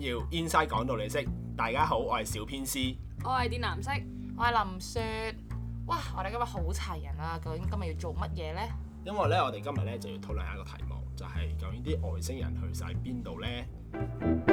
要 inside 講到你識，大家好，我係小編師，我係電藍色，我係林雪，哇！我哋今日好齊人啊，究竟今日要做乜嘢呢？因為咧，我哋今日咧就要討論一個題目，就係究竟啲外星人去晒邊度呢？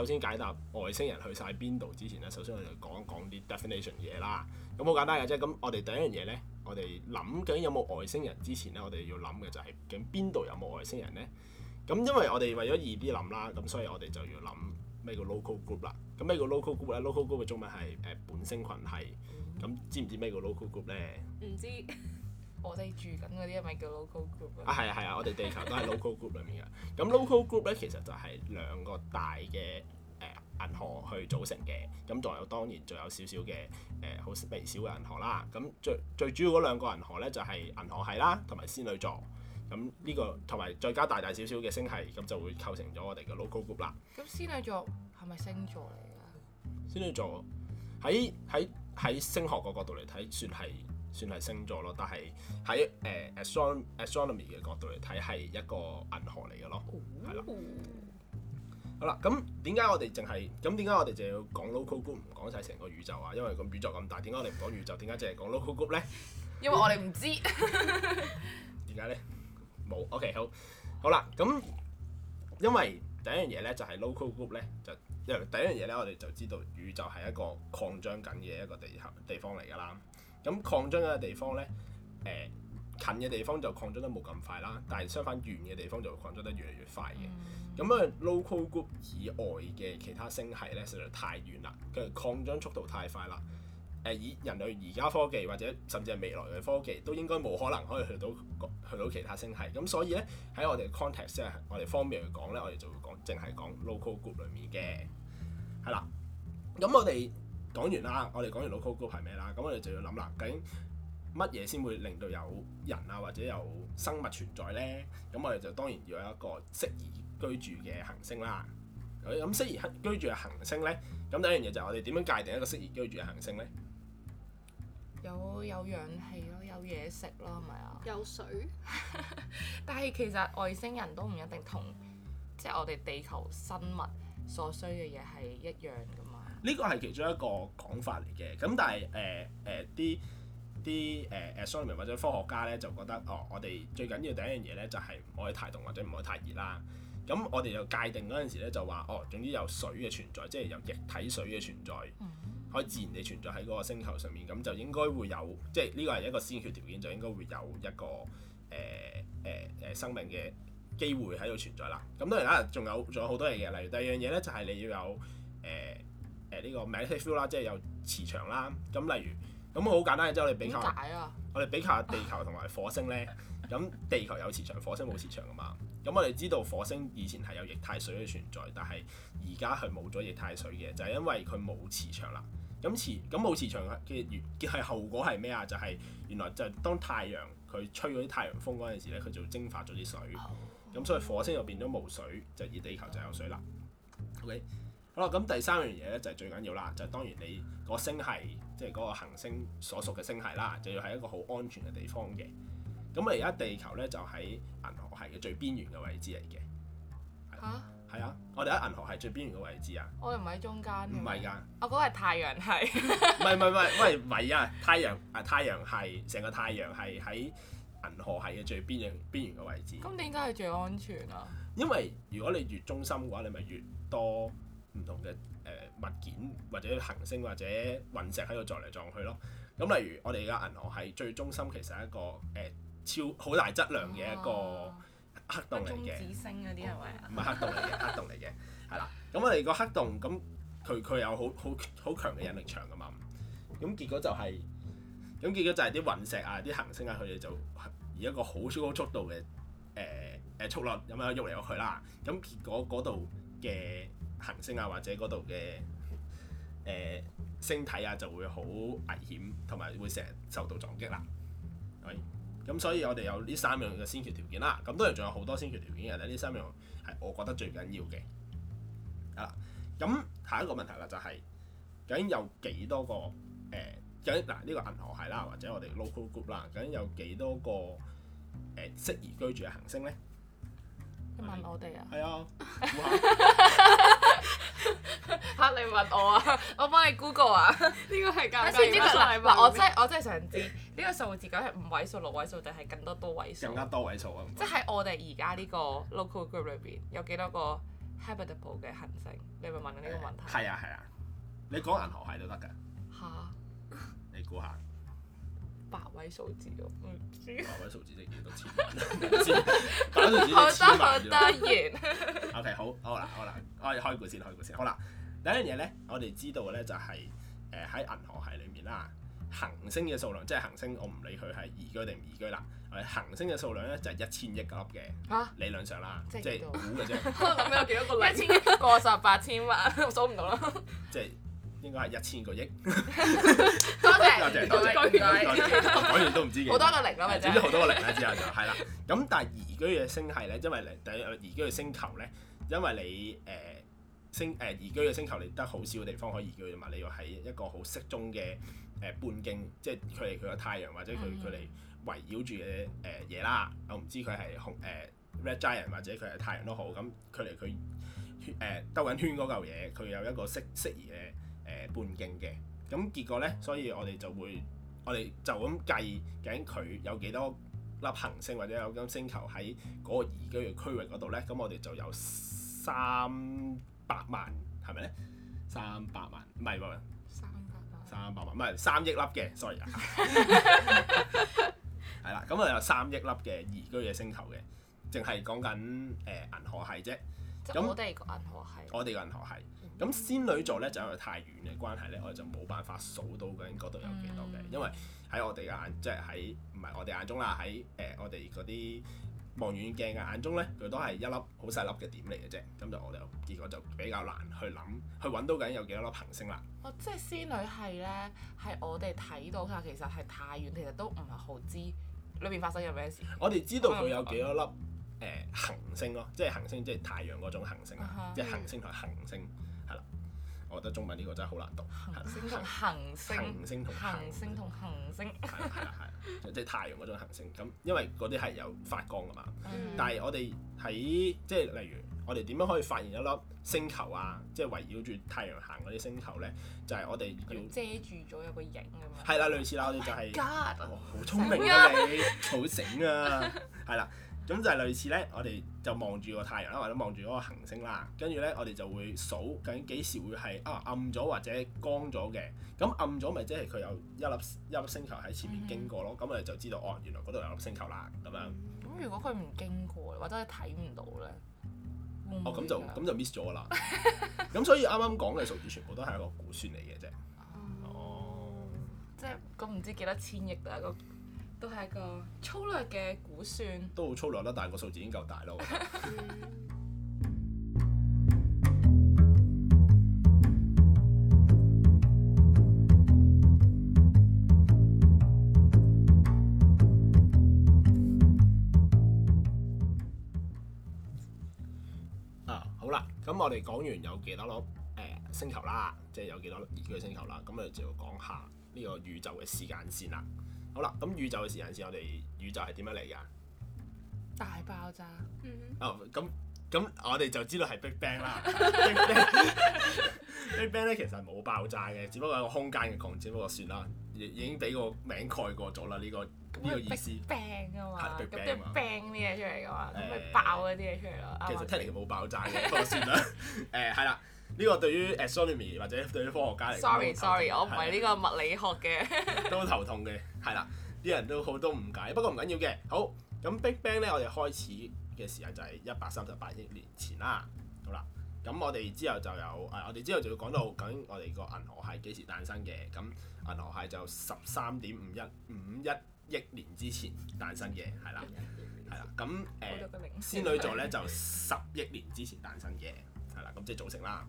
首先解答外星人去晒邊度之前咧，首先我哋講一講啲 definition 嘢啦。咁好簡單嘅啫。咁我哋第一樣嘢咧，我哋諗究竟有冇外星人之前咧，我哋要諗嘅就係究竟邊度有冇外星人咧？咁因為我哋為咗易啲諗啦，咁所以我哋就要諗咩叫 local group 啦。咁咩叫 local group 咧？local group 嘅中文係誒本星群係。咁知唔知咩叫 local group 咧？唔知。我哋住緊嗰啲係咪叫 local group 啊！係啊係啊，我哋地球都係 local group 裏面嘅。咁 local group 咧，其實就係兩個大嘅誒銀河去組成嘅。咁仲有當然仲有少少嘅誒好微小嘅銀河啦。咁最最主要嗰兩個銀河咧就係銀河系啦，同埋仙女座。咁呢、這個同埋再加大大小小嘅星系，咁就會構成咗我哋嘅 local group 啦。咁仙女座係咪星座嚟㗎？仙女座喺喺喺星學個角度嚟睇，算係。算係星座咯，但係喺誒、呃、astronomy 嘅角度嚟睇，係一個銀河嚟嘅咯，係啦、哦。好啦，咁點解我哋淨係咁點解我哋淨係要講 local group 唔講晒成個宇宙啊？因為個宇宙咁大，點解我哋唔講宇宙？點解淨係講 local group 咧？因為我哋唔知。點解咧？冇。OK，好。好啦，咁因為第一樣嘢咧就係 local group 咧，就，是、呢就因為第一樣嘢咧我哋就知道宇宙係一個擴張緊嘅一個地地方嚟㗎啦。咁擴張嘅地方咧，誒、呃、近嘅地方就擴張得冇咁快啦，但係相反遠嘅地方就擴張得越嚟越快嘅。咁啊、mm hmm.，local group 以外嘅其他星系咧，實在太遠啦，跟住擴張速度太快啦。誒、呃，以人類而家科技或者甚至係未來嘅科技，都應該冇可能可以去到去到其他星系。咁所以咧，喺我哋 context，即係我哋方便去講咧，我哋就會講淨係講 local group 裡面嘅，係啦。咁我哋。講完啦，我哋講完 Local Group 係咩啦，咁我哋就要諗啦，究竟乜嘢先會令到有人啊，或者有生物存在咧？咁我哋就當然要有一個適宜居住嘅行星啦。咁適宜居住嘅行星咧，咁第一樣嘢就係我哋點樣界定一個適宜居住嘅行星咧？有有氧氣咯，有嘢食咯，係咪啊？有水。但係其實外星人都唔一定同，即係我哋地球生物所需嘅嘢係一樣咁。呢個係其中一個講法嚟嘅，咁但係誒誒啲啲誒誒 scientist 或者科學家咧就覺得哦，我哋最緊要第一樣嘢咧就係唔可以太凍或者唔可以太熱啦。咁我哋就界定嗰陣時咧就話哦，總之有水嘅存在，即係有液體水嘅存在，可以自然地存在喺嗰個星球上面，咁就應該會有，即係呢個係一個先決條件，就應該會有一個誒誒誒生命嘅機會喺度存在啦。咁當然啦，仲有仲有好多嘢嘅，例如第二樣嘢咧就係你要有誒。呃誒呢、呃這個 magnetic field 啦，即係有磁場啦。咁、嗯、例如，咁好簡單嘅，即係我哋比較，我哋比較地球同埋火星咧。咁 地球有磁場，火星冇磁場噶嘛。咁我哋知道火星以前係有液態水嘅存在，但係而家佢冇咗液態水嘅，就係、是、因為佢冇磁場啦。咁磁咁冇磁場嘅結結係後果係咩啊？就係原來就係當太陽佢吹嗰啲太陽風嗰陣時咧，佢就蒸發咗啲水。咁、oh. 所以火星就變咗冇水，就而地球就有水啦。Oh. OK。好啦，咁第三樣嘢咧就係最緊要啦，就係、當然你個星系，即係嗰個行星所屬嘅星系啦，就要喺一個好安全嘅地方嘅。咁而家地球咧就喺銀河系嘅最邊緣嘅位置嚟嘅。吓？係啊，我哋喺銀河系最邊緣嘅位置啊！我唔喺中間。唔係㗎。我講係太陽系。唔係唔係，唔係唔係啊！太陽啊，太陽系成個太陽系喺銀河系嘅最邊緣邊緣嘅位置。咁點解係最安全啊？因為如果你越中心嘅話，你咪越多。唔同嘅誒、呃、物件或者行星或者隕石喺度撞嚟撞去咯。咁例如我哋而家銀行係最中心，其實係一個誒、呃、超好大質量嘅一個黑洞嚟嘅。哦、中子星嗰啲係咪啊？唔係、哦、黑洞嚟嘅， 黑洞嚟嘅，係啦。咁我哋個黑洞咁佢佢有好好好強嘅引力場㗎嘛。咁結果就係、是，咁結果就係啲隕石啊、啲行星啊，佢哋就以一個好高速度嘅誒誒速率咁樣喐嚟喐去啦。咁結果嗰度嘅行星啊，或者嗰度嘅誒星體啊，就會好危險，同埋會成日受到撞擊啦。咁所以我哋有呢三樣嘅先決條件啦。咁當然仲有好多先決條件嘅，但呢三樣係我覺得最緊要嘅。啊，咁下一個問題啦，就係、是、究竟有幾多個誒、呃？究竟嗱，呢、這個銀河系啦，或者我哋 local group 啦，究竟有幾多個誒、呃、適宜居住嘅行星咧？問我哋啊？係啊！ 嚇！ 你問我啊， 我幫你 Google 啊，呢個係今日嘅禮物。我真係我真係想知呢 個數字究竟係五位數、六位數定係更多多位數？更加多位數啊！即係喺我哋而家呢個 local group 裏邊有幾多個 habitable 嘅行星？你咪問呢個問題。係、嗯、啊係啊，你講銀河系都得㗎。嚇！ 位數字咯，唔知位數 字即係幾多千萬，位數字萬，好得，好得完。O K，好好啦，好啦，我哋開估先，開估先。好啦，第一樣嘢咧，我哋知道咧就係誒喺銀河系裏面啦，行星嘅數量，即係行星，我唔理佢係宜居定唔宜居啦。誒，行星嘅數量咧就係一千億粒嘅，理論上啦，即係估嘅啫。 我諗有幾多個例子，一千億過十八千萬，數唔到啦。即係。應該係一千個億。多 謝，謝，多謝，謝，講完都唔知幾。好多個零咯，咪即係。好多個零啦，嗯，之後就係啦。咁但係宜居嘅星系咧，因為第一宜居嘅星球咧，因為你誒、呃、星誒宜、呃、居嘅星球，你得好少嘅地方可以移居啊嘛。你又喺一個好適中嘅誒、呃、半徑，即係距離佢嘅太陽或者佢佢嚟圍繞住嘅誒嘢啦。我唔知佢係紅誒 Red Giant 或者佢係太陽都好。咁距離佢誒兜緊圈嗰嚿嘢，佢有一個適適宜嘅。誒、呃，半徑嘅，咁結果呢，所以我哋就會，我哋就咁計，究竟佢有幾多粒行星或者有咁星球喺嗰個宜居嘅區域嗰度呢？咁我哋就有三百萬，係咪咧？三百萬，唔係，三百萬，三百萬，唔係三億粒嘅，sorry 啊，係 啦， 咁啊有三億粒嘅宜居嘅星球嘅，淨係講緊誒銀河系啫，咁我哋個銀河系，我哋個銀河系。咁仙女座咧，就因為太遠嘅關係咧，我哋就冇辦法數到究竟嗰度有幾多嘅，嗯、因為喺我哋嘅眼，即係喺唔係我哋眼中啦，喺誒、呃、我哋嗰啲望遠鏡嘅眼中咧，佢都係一粒好細粒嘅點嚟嘅啫，咁就我哋就結果就比較難去諗去揾到究竟有幾多粒行星啦。哦，即係仙女系咧，係我哋睇到下，其實係太遠，其實都唔係好知裏邊發生有咩事。我哋知道佢有幾多粒誒行星咯，即、呃、係行星，即係太陽嗰種行星啊，uh huh. 即係行星同行星。我覺得中文呢個真係好難讀。行星同行星，行星同行星同行星，係啦係啦，即係太陽嗰種行星咁，因為嗰啲係有發光噶嘛。嗯、但係我哋喺即係例如，我哋點樣可以發現一粒星球啊？即係圍繞住太陽行嗰啲星球咧，就係我哋要遮住咗有個影咁。係啦，類似啦，我哋就係好聰明啊你，好醒啊，係啦。咁就係類似咧，我哋就望住個太陽啦，或者望住嗰個行星啦，跟住咧我哋就會數究竟幾時會係啊暗咗或者光咗嘅。咁、啊、暗咗咪即係佢有一粒一粒星球喺前面經過咯，咁、嗯、哼我哋就知道哦、啊，原來嗰度有粒星球啦咁樣。咁、嗯、如果佢唔經過或者係睇唔到咧，會、會、哦咁就咁就 miss 咗啦。咁 所以啱啱講嘅數字全部都係一個估算嚟嘅啫。哦、嗯，即係咁唔知幾多千億啦咁。都係一個粗略嘅估算。都好粗略啦，但係個數字已經夠大囉。 啊，好啦，咁我哋講完有幾多粒誒、呃、星球啦，即係有幾多宜居星球啦，咁我哋就要講下呢個宇宙嘅時間線啦。好啦，咁宇宙嘅時間線，我哋宇宙係點樣嚟㗎？大爆炸。Mm hmm. 哦，咁咁我哋就知道係 Big Bang 啦。 Big Bang Big Bang 咧其實冇爆炸嘅，只不過係個空間嘅擴展，只不過算啦，已已經俾個名蓋過咗啦。呢、呢個呢個意思。Big Bang 啊嘛，咁要 bang 啲嘢出嚟嘅話，咁咪爆嗰啲嘢出嚟咯。 其實聽嚟冇爆炸嘅，不過算啦。誒，係啦。呢個對於 astronomy 或者對於科學家嚟講，sorry sorry，我唔係呢個物理學嘅都好頭痛嘅，係啦，啲人都好多誤解。不過唔緊要嘅，好，咁 Big Bang 咧，我哋開始嘅時候就係一百三十八億年前啦。好啦，咁我哋之後就有誒，我哋之後就會講到究竟我哋個銀河系幾時誕生嘅。咁銀河系就十三點五一五一億年之前誕生嘅，係啦，係啦。咁誒，仙女座咧就十億年之前誕生嘅。咁即係組成啦，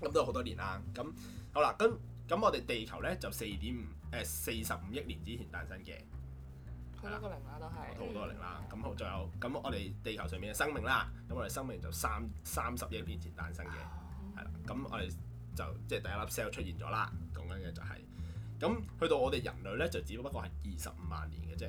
咁都好多年啦。咁好啦，咁咁我哋地球咧就四點五誒四十五億年之前誕生嘅，好多個零啦都係。好多個零啦，咁好，仲有咁我哋地球上面嘅生命啦，咁我哋生命就三三十億年前誕生嘅，係啦。咁我哋就即係第一粒 cell 出現咗啦，講緊嘅就係咁去到我哋人類咧就只不過係二十五萬年嘅啫，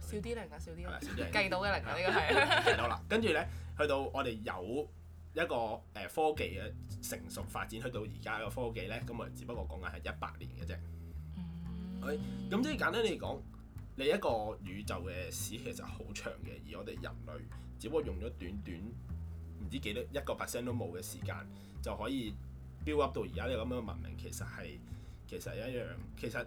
少啲零啊，少啲零計到嘅零啊，呢個係有啦。跟住咧去到我哋有。一個誒、呃、科技嘅成熟發展去到而家嘅科技呢，咁啊只不過講緊係一百年嘅啫。咁、mm hmm. okay? 即係簡單嚟講，你一個宇宙嘅史其實好長嘅，而我哋人類只不過用咗短短唔知幾多一個 percent 都冇嘅時間就可以 build up 到而家呢咁樣嘅文明，其實係其實係一樣，其實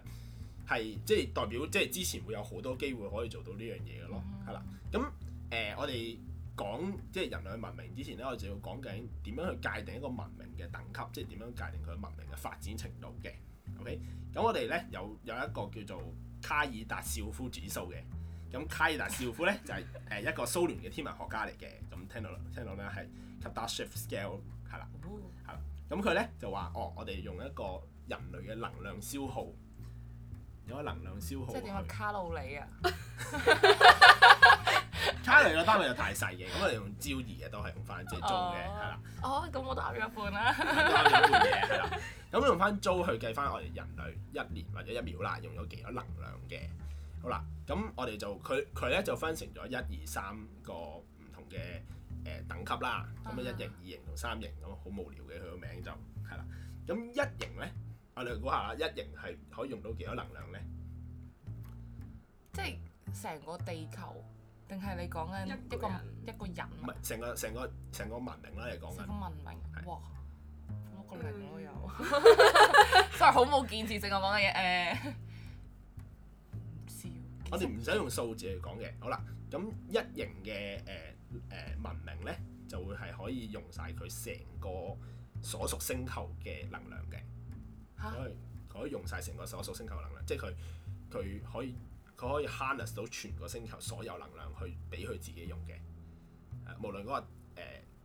係即係代表即係之前會有好多機會可以做到呢樣嘢嘅咯。係啦、mm，咁、hmm. 誒、嗯呃、我哋。講即係人類文明之前咧，我就要講緊點樣去界定一個文明嘅等級，即係點樣界定佢文明嘅發展程度嘅。OK，咁我哋咧有有一個叫做卡爾達肖夫指數嘅。咁卡爾達肖夫咧 就係誒一個蘇聯嘅天文學家嚟嘅。咁聽到啦，聽到咧係卡達肖夫 scale 係啦，係啦。咁佢咧就話哦，我哋用一個人類嘅能量消耗，用個能量消耗。即係點卡路里啊！ 差量嘅單位又太細嘅，咁 我哋用焦耳嘅，都係用翻自己租嘅，係啦。哦，咁的、哦、我得攤咗一半啦。係啦，咁 用翻焦去計翻我哋人類一年或者一秒啦，用咗幾多能量嘅？好啦，咁我哋就佢佢咧就分成咗一、二、三個唔同嘅誒、呃、等級啦。咁啊，一型、二型同三型咁，好無聊嘅，佢個名就係啦。咁一型咧，我哋估下啦，一型係可以用到幾多能量咧？即係成個地球。定係你講緊一個一個人？唔係，成個成個成個文明啦你講嘅。成個文明，是哇，攞、那個零都又， 真係好冇建設性我講嘅嘢，誒，我哋唔使用數字嚟講嘅，好啦，咁一型嘅誒誒文明咧，就會係可以用晒佢成個所屬星球嘅能量嘅。嚇、啊？可以用晒成個所屬星球嘅能量，啊、即係佢佢可以。佢可以 harness 到全個星球所有能量去俾佢自己用嘅，誒、啊，無論嗰、那個、呃、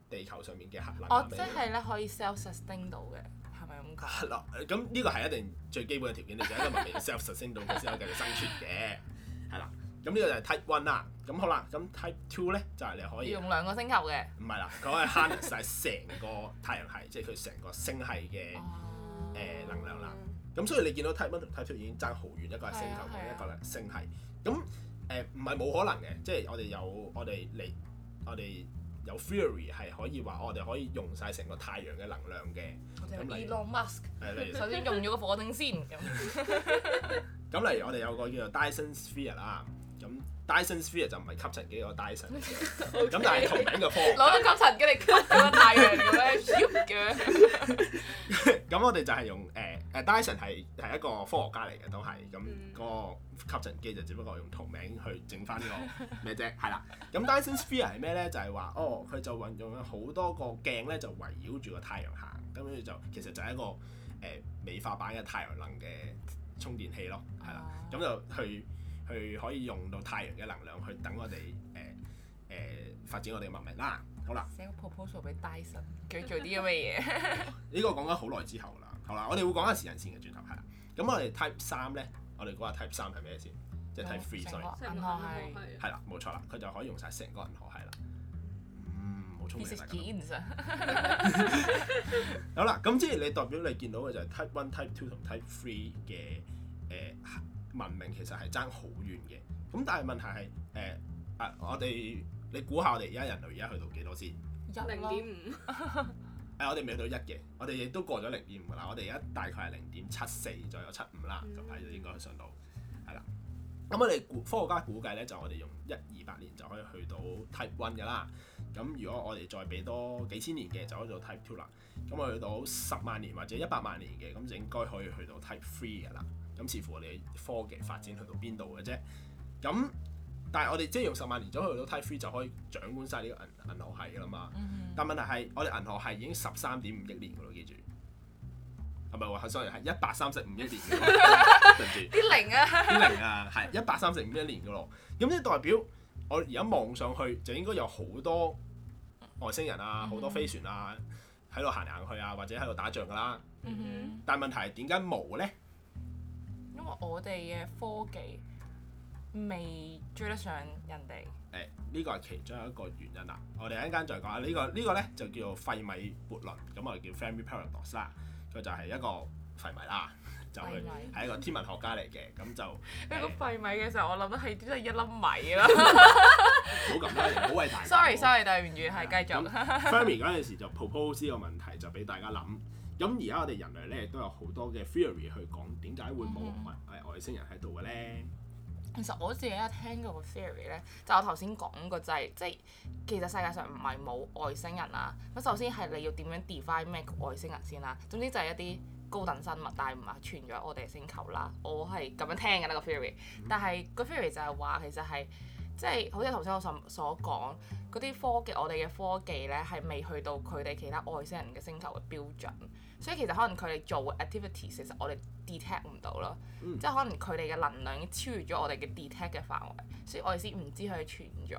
地球上面嘅核能我 麼。哦，即係咧可以 self-sustaining 到嘅，係咪咁講？係啦，咁呢個係一定最基本嘅條件，你就係、是、一個文明 self-sustaining 先可以繼續生存嘅，係啦。 咁呢個就係 type one 啦。咁好啦，咁 type two 咧就係、是、你可以用兩個星球嘅。唔係啦，佢可以 harness 晒成個太陽系， 即係佢成個星系嘅誒能量啦。呃 oh. 嗯咁所以你見到 type one 同 type two 已經爭好遠，一個係星球，一個咧星系。咁誒唔係冇可能嘅，即係我哋有我哋嚟，我哋有 theory 係可以話我哋可以用晒成個太陽嘅能量嘅。咁嚟，e 首先用咗個火星先。咁例如我哋有個叫做 Dyson Sphere 啦。咁 Dyson Sphere 就唔係吸塵機，個 Dyson 嚟嘅。咁、呃，但係同名嘅科攞個吸塵機嚟吸個太陽咁樣，咁我哋就係用誒，誒 Dyson 係係一個科學家嚟嘅，都係咁嗰個吸塵機就只不過用同名去整翻 呢個咩啫，係啦。咁 Dyson Sphere 係咩咧？就係、是、話哦，佢就運用咗好多個鏡咧，就圍繞住個太陽行，咁跟住就其實就係一個誒、呃、美化版嘅太陽能嘅充電器咯，係啦，咁就去。去可以用到太陽嘅能量去等我哋誒誒發展我哋嘅文明啦。好啦，寫 個 proposal 俾戴森，叫佢做啲咁嘅嘢。呢個講咗好耐之後啦。好啦，我哋會講下時間線嘅轉頭係啦。咁我哋 type 三咧，我哋講下 type 三係咩先？即係 type three、哦。銀河系。係啦 Sorry,，冇錯啦，佢就可以用晒成個銀河系啦。嗯，充好充電。有啦，咁即係你代表你見到嘅就係 type one、type two 同 type three 嘅誒。文明其實係爭好遠嘅，咁但係問題係誒啊！我哋你估下我 10. 5笑、呃，我哋而家人類而家去到幾多先？一零點五。啊，我哋未去到一嘅，我哋亦都過咗零點五啦。我哋而家大概係零點七四，再有七五啦，咁睇係應該去上到係啦。咁我哋科學家估計咧，就我哋用一二百年就可以去到 Type One 嘅啦。咁如果我哋再俾多幾千年嘅，就可以做 Type Two 啦。咁我去到十萬年或者一百萬年嘅，咁就應該可以去到 Type Three 嘅啦。似乎我哋嘅科技發展去到邊度嘅啫？咁但係我哋即係用十萬年左右去到 Type Three 就可以掌管晒呢個銀銀河系噶嘛，嗯、但問題係我哋銀河系已經十三點五億年噶咯，記住，係咪？我 sorry 係一百三十五億年，對唔住，啲零啊，啲零啊，係一百三十五億年噶咯，咁即係代表我而家望上去就應該有好多外星人啊，好、嗯、多飛船啊喺度行嚟行去啊，或者喺度打仗噶啦，嗯、但問題係點解冇咧？我哋嘅科技未追得上人哋。誒、嗯，呢個係其中一個原因啦。我哋一間再講下。呢、這個呢、呢個咧就叫做費米悖論，咁我哋叫 Fermi Paradox 啦。佢就係一個費米啦，就係、係、一個天文學家嚟嘅。咁就呢講費米嘅時候，我諗都係真係一粒米咯。唔好咁啦，唔好畏大，大。Sorry，sorry，但 係唔如係繼續。Fermi 嗰陣時就 propose 個問題，就俾大家諗。咁而家我哋人類咧，都有好多嘅 theory 去講點解會冇外外星人喺度嘅咧？嗯、其實我自己一聽嗰個 theory 咧，就係、我頭先講個就係、係、即係其實世界上唔係冇外星人啊。咁首先係你要點樣 define 咩外星人先啦？總之就係一啲高等生物，但係唔係存在我哋嘅星球啦。我係咁樣聽緊呢個 theory。嗯、但係個 theory 就係話其實係即係好似頭先我所所講嗰啲科技，我哋嘅科技咧係未去到佢哋其他外星人嘅星球嘅標準。所以其實可能佢哋做 activities，其實我哋 detect 唔到咯，嗯、即係可能佢哋嘅能量已經超越咗我哋嘅 detect 嘅範圍，所以我哋先唔知佢嘅存在。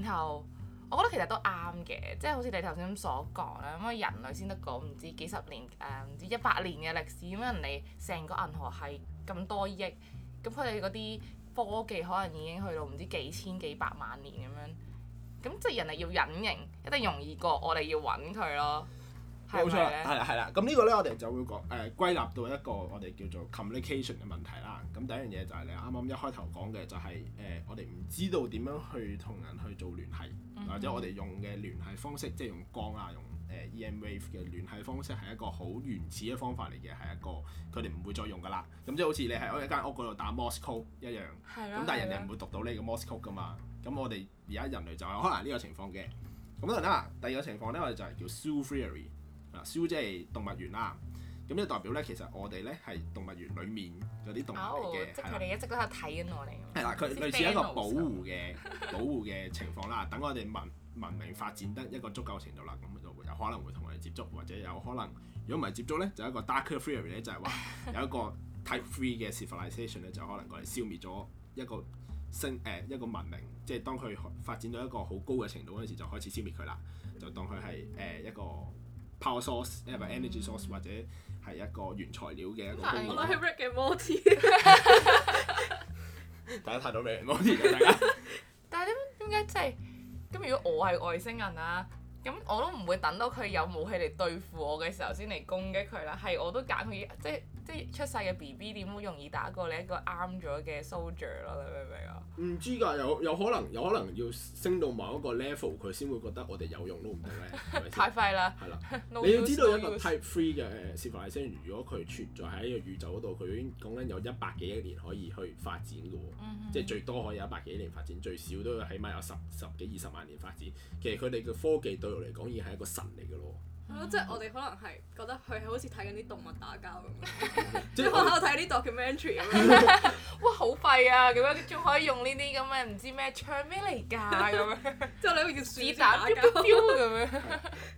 然後我覺得其實都啱嘅，即係好似你頭先所講啦，咁人類先得講唔知幾十年誒，啊、唔知一百年嘅歷史，咁人哋成個銀河係咁多億，咁佢哋嗰啲科技可能已經去到唔知幾千幾百萬年咁樣，咁即係人哋要隱形一定容易過我哋要揾佢咯。冇錯，係啦、嗯，係啦。咁呢個咧，我哋就會講誒、呃、歸納到一個我哋叫做 communication 嘅問題啦。咁第一樣嘢就係你啱啱一開頭講嘅，就係誒我哋唔知道點樣去同人去做聯繫，嗯、哼或者我哋用嘅聯繫方式，即係用光啊，用誒 EM wave 嘅聯繫方式，係一個好原始嘅方法嚟嘅，係一個佢哋唔會再用噶啦。咁即係好似你喺我一間屋嗰度打 Morse code 一樣，咁的但係人哋唔會讀到呢個 Morse code 噶嘛。咁我哋而家人類就係可能呢個情況嘅咁樣啦。第二個情況咧，我哋就係叫 sul theory。嗱，Zoo 即係動物園啦，咁呢代表咧，其實我哋咧係動物園裡面嗰啲動物嘅，佢哋一直都喺度睇緊我哋係啦，佢的類似一個保護嘅 保護嘅情況啦。等我哋文文明發展得一個足夠程度啦，咁就有可能會同佢哋接觸，或者有可能如果唔係接觸咧，就一個 Darker Theory 咧，就係話有一個 Type Three 嘅 Civilization 咧，就可能佢嚟消滅咗一個星誒、呃、一個文明，即、就、係、是、當佢發展到一個好高嘅程度嗰陣時，就開始消滅佢啦，就當佢係誒一個。power source，誒唔係 energy source，或者係一個原材料嘅一個工具。我係 Rick 嘅魔師， 大家睇到未？魔師，大家。但係點點解即係咁？如果我係外星人啊，咁我都唔會等到佢有武器嚟對付我嘅時候先嚟攻擊佢啦。係我都揀佢，即係。出世嘅 B B 點會容易打過你一個啱咗嘅 soldier 咯？你明唔明啊？唔知㗎，有有可能有可能要升到某一個 level 佢先會覺得我哋有用，都唔同咧。 太廢啦！係啦，你要知道 No 一個 type three 嘅 civilisation，如果佢存在喺一個宇宙嗰度，佢已經講緊有一百幾億年可以去發展嘅喎。Mm hmm. 即係最多可以有一百幾年發展，最少都起碼有十十幾二十萬年發展。其實佢哋嘅科技對我嚟講已經係一個神嚟㗎咯。嗯、即係我哋可能係覺得佢好似睇緊啲動物打交咁，仲要喺度睇啲 documentary 咁。 哇，好廢啊！咁樣仲可以用呢啲咁嘅唔知咩槍咩嚟㗎咁，之後你用子彈飆飆飆咁樣。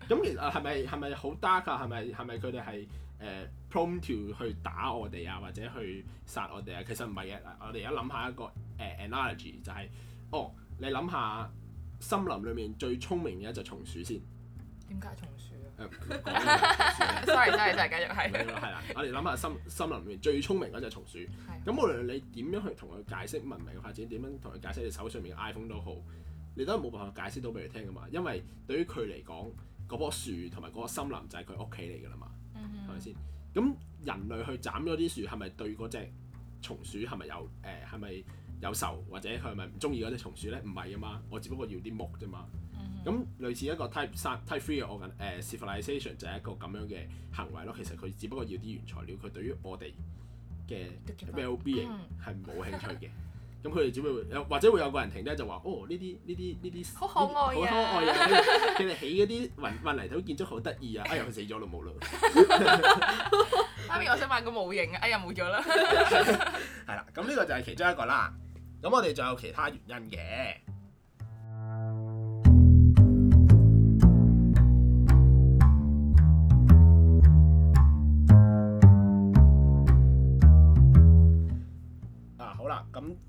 咁而啊係咪係咪好 dark 啊？係咪係咪佢哋係誒 prone to 去打我哋啊，或者去殺我哋啊？其實唔係嘅，我哋而家諗下一個誒 analogy 就係、是、哦，你諗下森林裡面最聰明嘅一隻松鼠先。點解松？誒，sorry，sorry 繼續係，係啦， 我哋諗下深森林裏面最聰明嗰隻松鼠，咁無論你點樣去同佢解釋文明嘅發展，點樣同佢解釋你手上面嘅 iPhone 都好，你都冇辦法解釋到俾佢聽噶嘛，因為對於佢嚟講，嗰棵樹同埋嗰個森林就係佢屋企嚟噶啦嘛，係咪先？咁、hmm. 人類去斬咗啲樹，係咪對嗰隻松鼠係咪有誒？係、呃、咪有仇或者佢係咪唔中意嗰隻松鼠咧？唔係啊嘛，我只不過要啲木啫嘛。咁類似一個 type 三 type three 嘅我緊 civilization 就係一個咁樣嘅行為咯，其實佢只不過要啲原材料，佢對於我哋嘅 well being 係冇興趣嘅。咁佢哋只會有或者會有個人停低就話：哦，呢啲呢啲呢啲好可愛啊！好可愛啊！佢哋起嗰啲混混泥土建築好得意啊！哎呀，佢死咗啦，冇啦。媽咪，我想買個模型，哎呀，冇咗啦。係 啦， 咁呢個就係其中一個啦。咁我哋仲有其他原因嘅。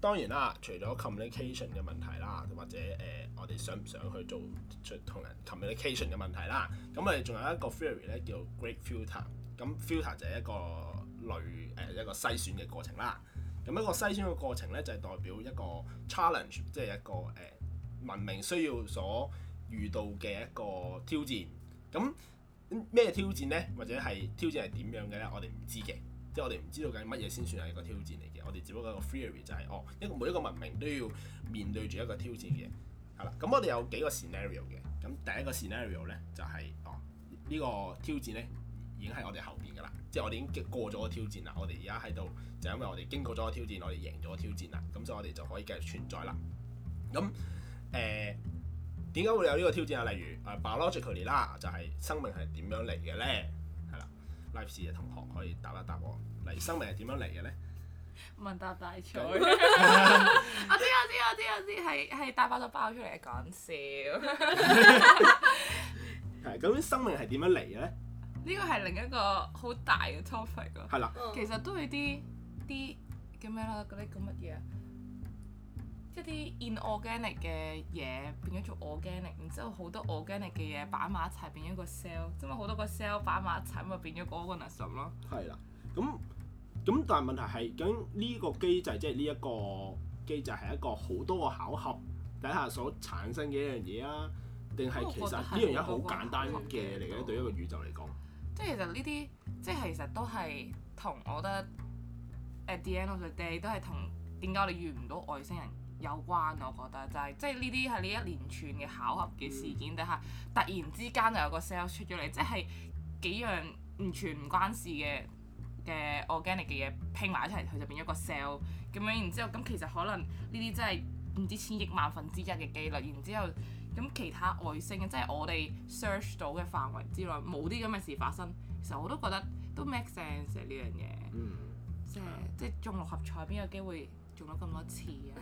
當然啦，除咗 communication 嘅問題啦，或者誒、呃，我哋想唔想去做出同人 communication 嘅問題啦？咁誒，我哋仲有一個 theory 咧，叫 Great Filter。咁 filter 就係一個類誒、呃、一個篩選嘅過程啦。咁一個篩選嘅過程咧，就係代表一個 challenge，即係一個誒、呃、文明需要所遇到嘅一個挑戰。咁咩挑戰咧？或者係挑戰係點樣嘅咧？我哋唔知嘅。即係我哋唔知道緊乜嘢先算係一個挑戰嚟嘅，我哋只不過一個 theory 就係、是、哦，一個每一個文明都要面對住一個挑戰嘅，係啦。咁我哋有幾個 scenario 嘅，咁第一個 scenario 咧就係、是、哦，呢、這個挑戰咧已經喺我哋後邊噶啦，即係我哋已經過咗個挑戰啦，我哋而家喺度就是、因為我哋經過咗個挑戰，我哋贏咗個挑戰啦，咁所以我哋就可以繼續存在啦。咁誒、點、呃、解會有呢個挑戰啊？例如，biology 啦，啊、就係生命係點樣嚟嘅咧？歷史嘅同學可以答一答我、oui，嚟生命係點樣嚟嘅咧？問答大賽，我知我知我知我知，係係大把都爆出嚟嘅，講笑。究竟生命係點樣嚟嘅咧？呢個係另一個好大嘅 topic 㗎，係啦，其實都係啲啲叫咩啦？嗰啲叫乜嘢？一啲 inorganic 嘅嘢變咗做 organic，然之後好多 organic 嘅嘢擺埋一齊變咗個 cell，即係好多個 cell 擺埋一齊咁咪變咗個 organism 咯。係啦，咁咁但係問題係究竟呢個機制，即係呢一個機制係一個好多個巧合底下所產生嘅一樣嘢啊，定係其實呢樣嘢好簡單嘅嚟嘅？對一個宇宙嚟講，即係其實呢啲即係其實都係同我覺得 at the end of the day 都係同點解你遇唔到外星人？有關我覺得就係、是、即係呢啲係呢一連串嘅巧合嘅事件底下，突然之間就有個 cell 出咗嚟，即係幾樣完全唔關事嘅嘅 organic 嘅嘢拼埋一齊，佢就變咗個 cell 咁樣。然之後咁其實可能呢啲真係唔知千億萬分之一嘅機率。然之後咁其他外星即係我哋 search 到嘅範圍之內冇啲咁嘅事發生。其實我都覺得都 make sense 呢樣嘢，嗯、即係、嗯、即係中六合彩邊有機會中咗咁多次啊？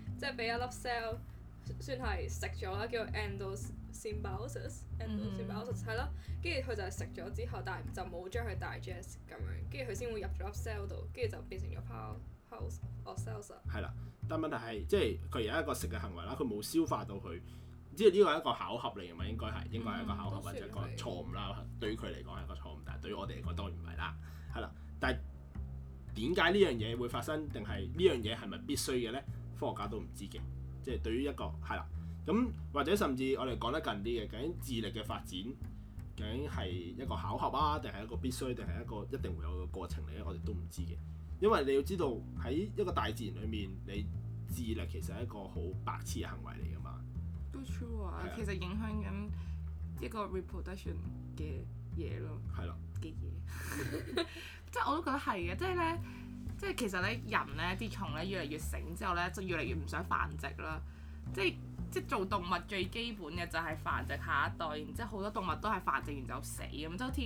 即係俾一粒 cell 算係食咗啦，叫 endosymbiosis，endosymbiosis 係咯。跟住佢就係食咗之後，但係就冇將佢 digest 咁樣，跟住佢先會入咗粒 cell 度，跟住就變成咗 power house or cell。係啦，但問題係，即係佢而家一個食嘅行為啦，佢冇消化到佢。即係呢個係一個巧合嚟嘅嘛？應該係應該係一個巧合或者、嗯、一個錯誤啦。的對於佢嚟講係個錯誤，但係對於我哋嚟講當然唔係啦。係啦，但係點解呢樣嘢會發生？定係呢樣嘢係咪必須嘅咧？科學家都唔知嘅，即係對於一個係啦，咁或者甚至我哋講得近啲嘅，究竟智力嘅發展究竟係一個巧合啊，定係一個必須，定係一個一定會有嘅過程嚟咧？我哋都唔知嘅，因為你要知道喺一個大自然裡面，你智力其實係一個好白痴嘅行為嚟㗎嘛。都 true、啊嗯、其實影響緊一個 reproduction 嘅嘢咯。係咯嘅嘢，東 即係我都覺得係嘅，即係咧。即係其實咧，人咧啲蟲咧越嚟越醒之後咧，就越嚟越唔想繁殖啦。即係即係做動物最基本嘅就係繁殖下一代，然之後好多動物都係繁殖完就死咁，即係好似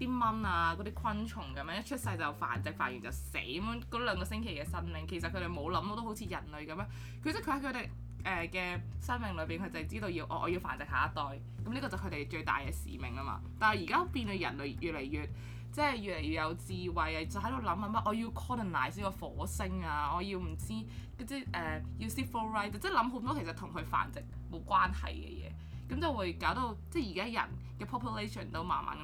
啲蚊啊嗰啲昆蟲咁樣，一出世就繁殖，繁殖完就死咁樣嗰兩個星期嘅生命。其實佢哋冇諗到都好似人類咁樣，佢即係佢喺佢哋誒嘅生命裏邊，佢就係知道要我、哦、我要繁殖下一代。咁、這、呢個就佢哋最大嘅使命啊嘛。但係而家變到人類越嚟越即係越嚟越有智慧啊！就喺度諗緊乜？我要 colonize 呢個火星啊！我要唔知即啲、呃、要 set for right，即係諗好多其實同佢繁殖冇關係嘅嘢，咁就會搞到即係而家人嘅 population 都慢慢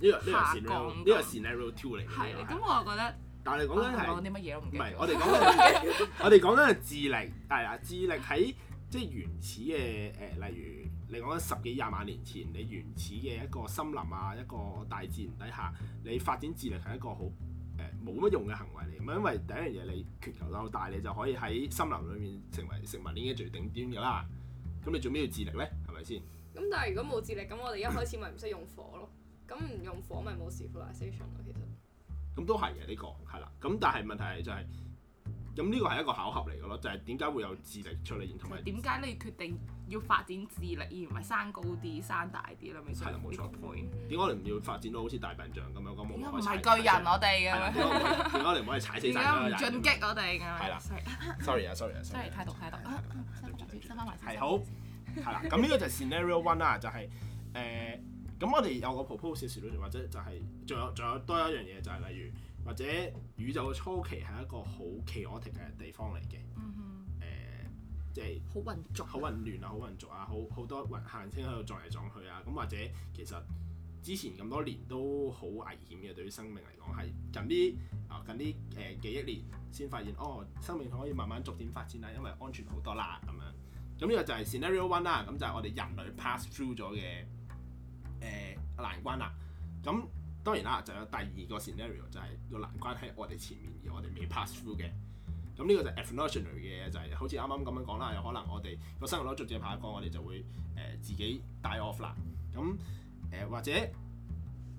咁下降。呢個係 natural tool 嚟。係。咁的我覺得。但你講緊係講啲乜嘢都唔係。我哋講緊， 我哋講緊係智力係啊！智力喺即係原始嘅誒、呃，例如。你講十幾廿萬年前，你原始嘅一個森林啊，一個大自然底下，你發展智力係一個好誒冇乜用嘅行為嚟嘅，因為第一樣嘢你拳頭夠大，你就可以喺森林裡面成為食物鏈嘅最頂端㗎啦。咁你做咩要智力咧？係咪先？咁但係如果冇智力，咁我哋一開始咪唔識用火咯。咁唔 用火咪冇 civilization 咯。其實咁都係嘅呢個係啦。咁但係問題係就係。咁呢個係一個考核嚟嘅咯，就係點解會有智力出嚟，同埋點解你決定要發展智力，而唔係生高啲、生大啲啦？咪係啦，冇錯。點解你唔要發展到好似大笨象咁樣？我唔係巨人，我哋嘅點解你唔可以踩死曬人？而家唔進擊我哋嘅係啦。Sorry 啊，Sorry 啊，Sorry，態度態度。係好係啦，咁呢個就係 Scenario One 啦，就係誒咁我哋有個 proposal 或者就係仲有仲有多一樣嘢就係例如。或者宇宙嘅初期係一個好 chaotic 嘅地方嚟嘅，誒、mm，即係好混濁、好混亂啊、好混濁啊，好好多雲行星喺度撞嚟撞去啊。咁或者其實之前咁多年都好危險嘅，對於生命嚟講係近啲啊，近啲誒幾億年先發現哦，生命可以慢慢逐漸發展啦，因為安全好多啦咁樣。咁呢個就係 scenario one 啦，咁就係我哋人類 pass through 咗嘅誒難關啦。咁當然啦，就有第二個 scenario 就係個難關喺我哋前面，而我哋未 pass through 嘅。咁呢個就 emotionary 嘅就係、是、好似啱啱咁樣講啦。有可能我哋個生活攞逐漸下降，我哋就會誒、呃、自己 die off 啦。咁誒、呃、或者誒、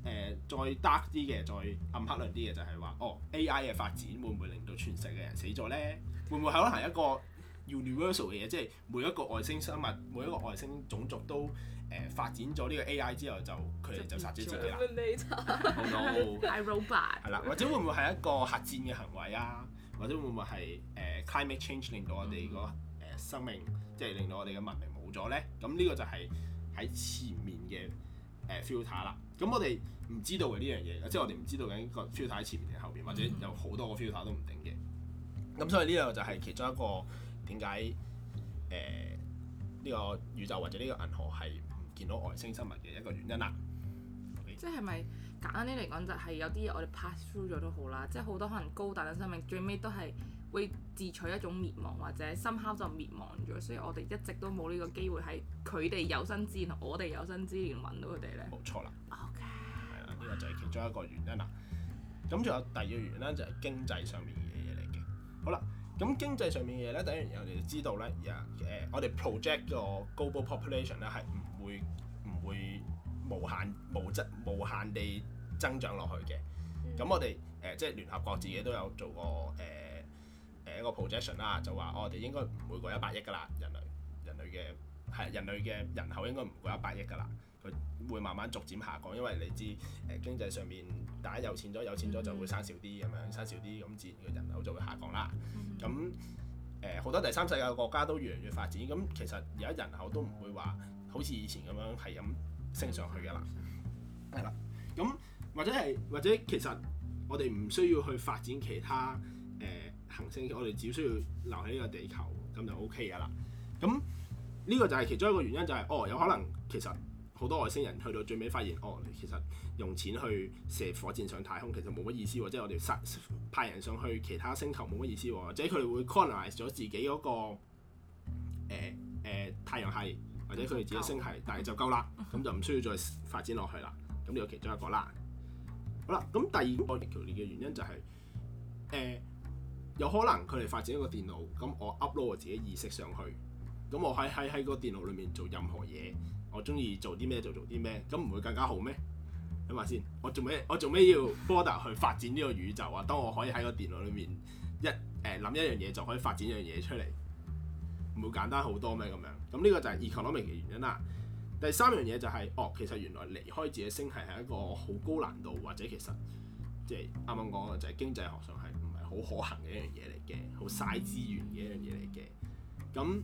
呃、再 dark 啲嘅，再暗黑啲嘅，就係話哦 AI 嘅發展會唔會令到全世界嘅人死咗咧？會唔會係可能一個？universal 嘅嘢，即係每一個外星生物、每一個外星種族都誒、呃、發展咗呢個 AI 之後，就佢哋就殺咗自己啦。係啦， 或者會唔會係一個核戰嘅行為啊？或者會唔會係誒、呃、climate change 令到我哋個誒生命，嗯嗯即係令到我哋嘅文明冇咗咧？咁呢個就係喺前面嘅誒、呃、filter 啦。咁我哋唔知道嘅呢樣嘢，即、就、係、是、我哋唔知道緊個 filter 喺前面定後邊，或者有好多個 filter 都唔定嘅。咁所以呢樣就係其中一個。點解誒呢個宇宙或者呢個銀河系唔見到外星生物嘅一個原因啊，okay？即係咪簡單啲嚟講，就係有啲嘢我哋 pass through 咗都好啦。即係好多可能高大嘅生命，最尾都係會自取一種滅亡，或者 somehow 就滅亡咗。所以我哋一直都冇呢個機會喺佢哋有生之年，我哋有生之年搵到佢哋咧。冇錯啦。OK。係啦，呢個就係其中一個原因啦。咁仲有第二個原因咧，就係經濟上面嘅嘢嚟嘅。好啦。咁經濟上面嘅嘢咧，等於我哋知道咧，而家，我哋 project 個 global population 咧係唔會唔會無限無質無限地增長落去嘅。咁、嗯、我哋誒即係聯合國自己都有做過誒誒、呃、一個 projection 啦，就話、哦、我哋應該唔會過一百億噶啦，人類人類嘅係人類嘅人口應該唔會過一百億噶啦。佢會慢慢逐漸下降，因為你知誒、呃、經濟上面，大家有錢咗，有錢咗就會生少啲咁樣，生少啲咁，自然嘅人口就會下降啦。咁誒好多第三世界嘅國家都越嚟越發展，咁其實而家人口都唔會話好似以前咁樣係咁升上去㗎喇。係啦吧，咁或者係或者其實我哋唔需要去發展其他誒、呃、行星，我哋只需要留喺呢個地球咁就 OK 噶啦。咁呢、這個就係其中一個原因就係、是，哦有可能其實。好多外星人去到最尾發現，哦，其實用錢去射火箭上太空其實冇乜意思喎，即係我哋殺派人上去其他星球冇乜意思喎，或者佢哋會 colonize 咗自己嗰、個誒、呃呃、太陽系，或者佢哋自己星系，但係就夠啦，咁就唔需要再發展落去啦，咁呢個其中一個啦。好啦，咁第二個嘅原因就係、是、誒、呃、有可能佢哋發展一個電腦，咁我 upload 我自己意識上去，咁我喺喺喺個電腦裏面做任何嘢。我中意做啲咩就做啲咩，咁唔會更加好咩？諗下先，我做咩？我做咩要波達去發展呢個宇宙啊？當我可以喺個電腦裏面一誒諗、欸、一樣嘢，就可以發展一樣嘢出嚟，唔會簡單好多咩？咁樣，咁呢個就係 Economy 嘅原因啦。第三樣嘢就係、是，哦，其實原來離開自己星系係一個好高難度，或者其實即係啱啱講嘅就係、是就是、經濟學上係唔係好可行嘅一樣嘢嚟嘅，好嘥資源嘅一樣嘢嚟嘅，咁。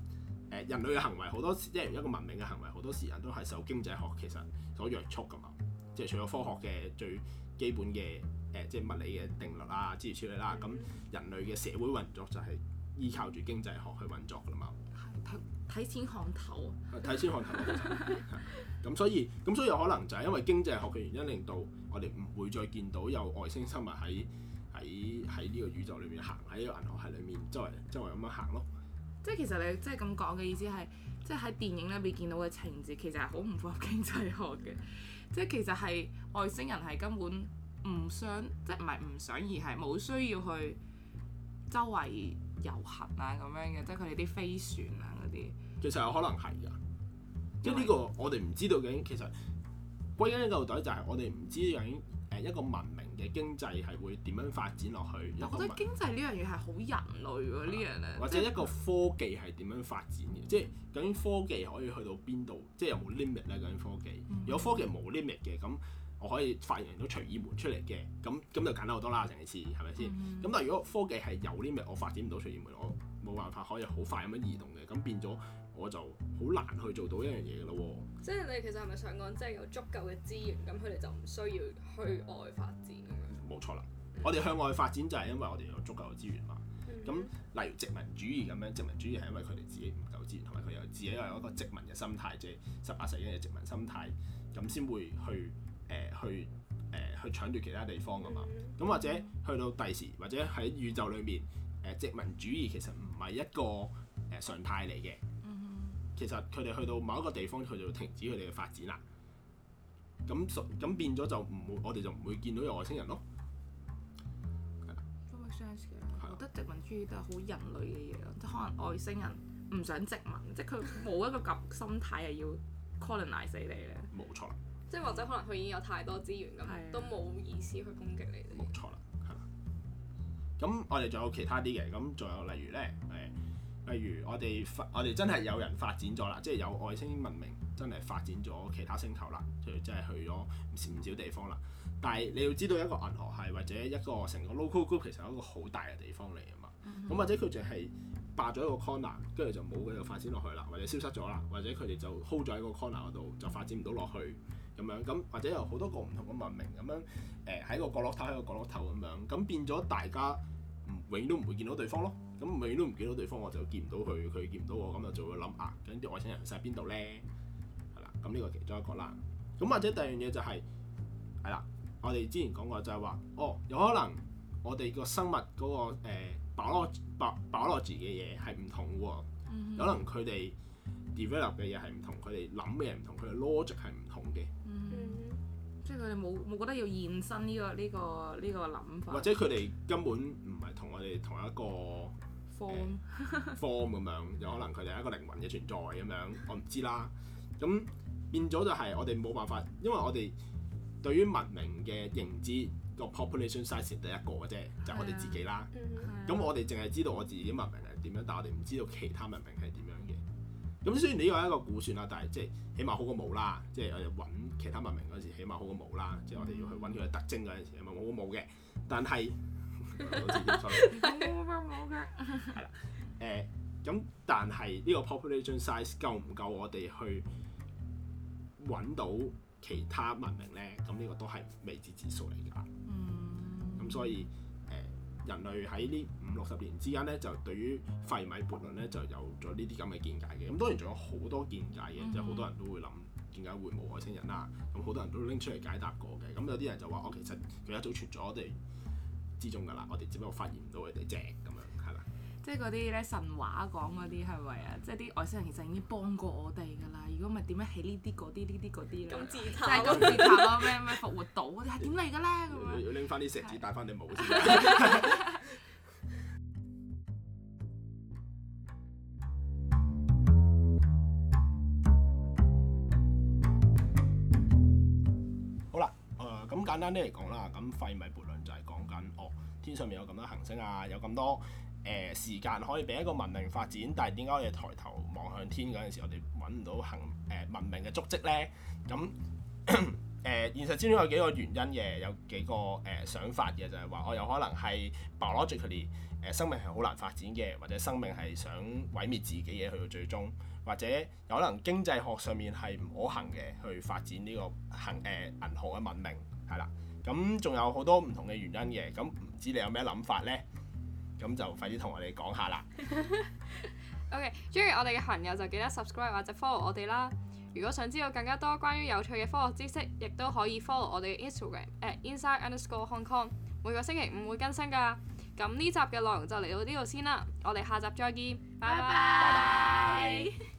誒人類嘅行為好多時，即係一個文明嘅行為，好多時人都係受經濟學其實所約束噶嘛。即係除咗科學嘅最基本嘅誒、呃，即係物理嘅定律啊諸如此類啦、啊。咁人類嘅社會運作就係依靠住經濟學去運作噶嘛。睇睇錢看，看頭。睇錢、啊、看頭。咁 所以咁所以有可能就係因為經濟學嘅原因，令到我哋唔會再見到有外星生物喺喺喺呢個宇宙裏面個行，喺銀河系裏面周圍周圍咁樣行咯。即係其實你即係咁講嘅意思係，即係喺電影裏面見到嘅情節其實係好唔符合經濟學嘅。即係其實係外星人係根本唔想，即係唔係唔想而係冇需要去周圍遊行啊咁樣嘅，即係佢哋啲飛船啊嗰啲。其實有可能係㗎，即係呢個我哋唔知道嘅。其實歸根究底就係我哋唔知樣誒一個文明嘅經濟係會點樣發展落去？我覺得經濟呢樣嘢係好人類喎，呢樣嘢或者一個科技係點樣發展嘅，嗯、即係究竟科技可以去到邊度？即係有冇 limit 咧？究竟科技竟有有、嗯、如果科技冇 limit 嘅？咁我可以發明到隨意門出嚟嘅，咁咁就簡單好多啦，成件事係咪先？咁、嗯、但係如果科技係有 limit，我發展唔到隨意門，我冇辦法可以好快咁樣移動嘅，咁變咗。我就好難去做到一樣嘢嘅咯喎！即係你其實係咪想講，即、就、係、是、有足夠嘅資源，咁佢哋就唔需要去外，外發展咁樣？冇、嗯、錯啦！我哋向外發展就係因為我哋有足夠嘅資源嘛。咁、嗯、例如殖民主義咁樣，殖民主義係因為佢哋自己唔夠資源，同埋佢又自己係一個殖民嘅心態，即、就、係、是、十八世紀嘅殖民心態，咁先會去誒、呃、去誒、呃去，呃、去搶奪其他地方噶嘛。咁、嗯、或者去到第時，或者喺宇宙裏面，誒、呃、殖民主義其實唔係一個常態嚟嘅。其實佢哋去到某一個地方，佢就停止佢哋嘅發展啦。咁咁變咗就唔會，我哋就唔會見到有外星人咯。係啦。都 make sense 嘅。係啊。我覺得殖民主義都係好人類嘅嘢咯，即可能外星人唔想殖民，即係佢冇一個咁心態係要 colonize 你咧。冇 錯啦。即係 或者可能佢已經有太多資源咁，都冇意思去攻擊你。冇錯啦。係啦。咁我哋仲有其他啲嘅，咁仲有例如咧，誒。例如我哋發，我哋真係有人發展咗啦，即係有外星文明真係發展咗其他星球啦，佢真係去咗唔少地方啦。但係你要知道一個銀河系或者一個成個 local group 其實係一個好大嘅地方嚟啊嘛。咁、嗯、或者佢淨係霸咗一個 corner，跟住就冇繼續發展落去啦，或者消失咗啦，或者佢哋就 hold 咗喺個 corner 嗰度就發展唔到落去咁樣。咁或者有好多個唔同嘅文明咁樣，誒、呃、喺個角落頭喺個角落頭咁樣，咁變咗大家，永都唔會見到對方咯，咁永都唔見到對方，我就見唔到佢，佢見唔到我，咁就就會諗啊，咁啲外星人喺晒邊度咧？係啦，咁呢個其中一個啦。咁或者第二樣嘢就係、是，係啦，我哋之前講過就係話，哦，有可能我哋個生物嗰、那個誒 biology、biology 嘅嘢係唔同喎，mm hmm. 有可能佢哋 develop 嘅嘢係唔同，佢哋諗嘅嘢唔同，佢哋 logic 係唔同嘅。Mm hmm. 即係佢哋冇冇覺得要現身呢、這個呢、這個呢、這個諗法？或者佢哋根本唔係。我哋同一個 form、呃、form 咁樣，有可能佢哋係一個靈魂嘅存在咁樣，我唔知啦。咁變咗就係我哋冇辦法，因為我哋對於文明嘅認知個 population size 係第一個嘅啫，就係、我哋自己啦。咁、啊啊、我哋淨係知道我自己文明係點樣，但係我哋唔知道其他文明係點樣嘅。咁雖然呢個係一個估算啦，但係即係起碼好過冇啦。即係我哋揾其他文明嗰時，起碼好過冇啦。即係我哋要去揾佢嘅特徵嗰陣時，起碼好過冇嘅、嗯。但係好似點數，冇嘅冇嘅。係啦，誒咁，但係呢個 population size 夠唔夠我哋去揾到其他文明咧？咁、這、呢個都係未知之數嚟㗎。嗯。咁所以誒，人類喺呢五六十年之間咧，就對於廢米悖論咧，就有咗呢啲咁嘅見解嘅。咁當然仲有好多見解嘅，即係好多人都會諗點解會冇外星人啦、啊。咁好多人都拎出嚟解答過嘅。咁有啲人就話：我其實佢一早傳咗我哋。之中噶啦，我哋只不過發現唔到佢哋，正咁樣係啦。即係嗰啲咧神話講嗰啲係咪啊？嗯、即係啲外星人其實已經幫過我哋噶啦。如果唔係點樣起呢啲嗰啲呢啲嗰啲咧？金字塔。金字塔咩咩復活島啲係點嚟㗎咧？要拎翻啲石子帶翻你冇先。 好啦，誒、呃、咁簡單啲嚟講啦，咁廢咪天上面有咁多行星啊，有咁多誒、呃、時間可以俾一個文明發展，但係點解我哋抬頭望向天嗰陣時，我哋揾唔到行誒、呃、文明嘅足跡呢？咁、嗯、誒、呃、現實之中有幾個原因嘅，有幾個誒、呃、想法嘅，就係話我有可能係 biologically 誒生命係好難發展嘅，或者生命係想毀滅自己嘢去到最終，或者有可能經濟學上面係唔可行嘅去發展呢個行誒、呃、銀河嘅文明，係啦。咁仲有好多唔同嘅原因嘅，咁唔知你有咩諗法呢？咁就快啲同我哋講下啦。 OK，鍾意我哋嘅朋友就記得 subscribe 或者 follow 我哋啦。如果想知道更加多關於有趣嘅科學知識，亦都可以 follow 我哋嘅 Instagram at inside underscore hongkong。每個星期五會更新㗎。咁呢集嘅內容就嚟到呢度先啦。我哋下集再見，拜拜。